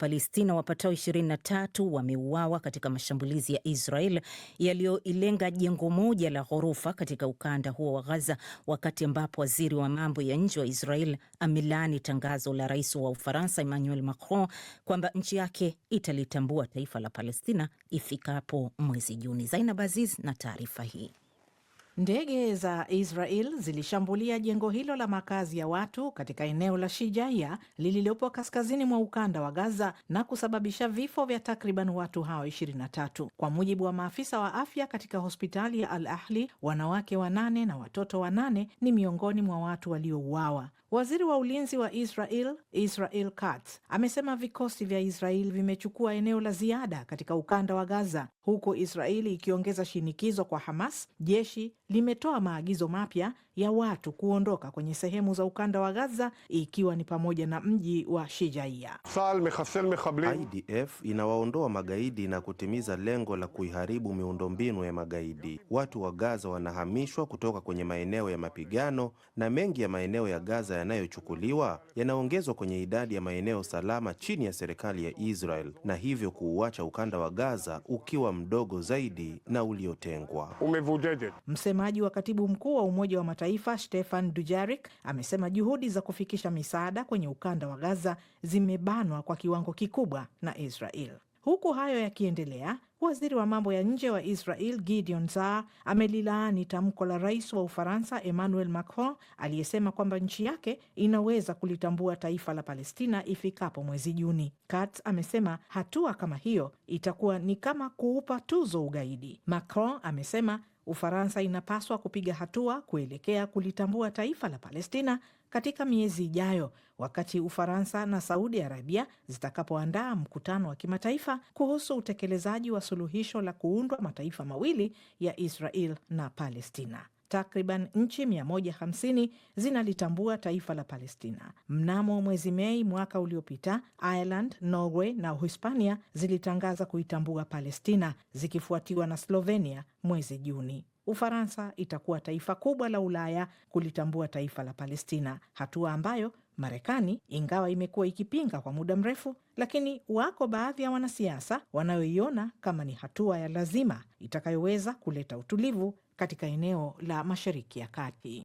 Wapalestina wapatao 23 wameuawa katika mashambulizi ya Israel yaliyoilenga jengo moja la ghorofa katika ukanda huo wa Gaza, wakati ambapo waziri wa mambo ya nje wa Israel amelaani tangazo la rais wa Ufaransa Emmanuel Macron kwamba nchi yake italitambua taifa la Palestina ifikapo mwezi Juni. Zainab Aziz na taarifa hii. Ndege za Israel zilishambulia jengo hilo la makazi ya watu katika eneo la shijaia lililopo kaskazini mwa ukanda wa Gaza na kusababisha vifo vya takriban watu hao 23 kwa mujibu wa maafisa wa afya katika hospitali ya Al Ahli. Wanawake wanane na watoto wanane ni miongoni mwa watu waliouawa. Waziri wa ulinzi wa Israel Israel Katz amesema vikosi vya Israel vimechukua eneo la ziada katika ukanda wa Gaza, huku Israeli ikiongeza shinikizo kwa Hamas. Jeshi limetoa maagizo mapya ya watu kuondoka kwenye sehemu za ukanda wa Gaza, ikiwa ni pamoja na mji wa Shijaia. IDF inawaondoa magaidi na kutimiza lengo la kuiharibu miundombinu ya magaidi. Watu wa Gaza wanahamishwa kutoka kwenye maeneo ya mapigano na mengi ya maeneo ya Gaza yanayochukuliwa yanaongezwa kwenye idadi ya maeneo salama chini ya serikali ya Israel na hivyo kuuacha ukanda wa Gaza ukiwa mdogo zaidi na uliotengwa. Msemaji wa katibu mkuu wa Umoja wa Mataifa Stefan Dujarik amesema juhudi za kufikisha misaada kwenye ukanda wa Gaza zimebanwa kwa kiwango kikubwa na Israel. Huku hayo yakiendelea, Waziri wa mambo ya nje wa Israel Gideon Saar amelilaani tamko la rais wa Ufaransa Emmanuel Macron aliyesema kwamba nchi yake inaweza kulitambua taifa la Palestina ifikapo mwezi Juni. Kat amesema hatua kama hiyo itakuwa ni kama kuupa tuzo ugaidi. Macron amesema Ufaransa inapaswa kupiga hatua kuelekea kulitambua taifa la Palestina katika miezi ijayo wakati Ufaransa na Saudi Arabia zitakapoandaa mkutano wa kimataifa kuhusu utekelezaji wa suluhisho la kuundwa mataifa mawili ya Israel na Palestina. Takriban nchi 150 zinalitambua taifa la Palestina. Mnamo mwezi Mei mwaka uliopita, Ireland, Norway na Uhispania zilitangaza kuitambua Palestina, zikifuatiwa na Slovenia mwezi Juni. Ufaransa itakuwa taifa kubwa la Ulaya kulitambua taifa la Palestina, hatua ambayo Marekani ingawa imekuwa ikipinga kwa muda mrefu, lakini wako baadhi ya wanasiasa wanayoiona kama ni hatua ya lazima itakayoweza kuleta utulivu katika eneo la Mashariki ya Kati.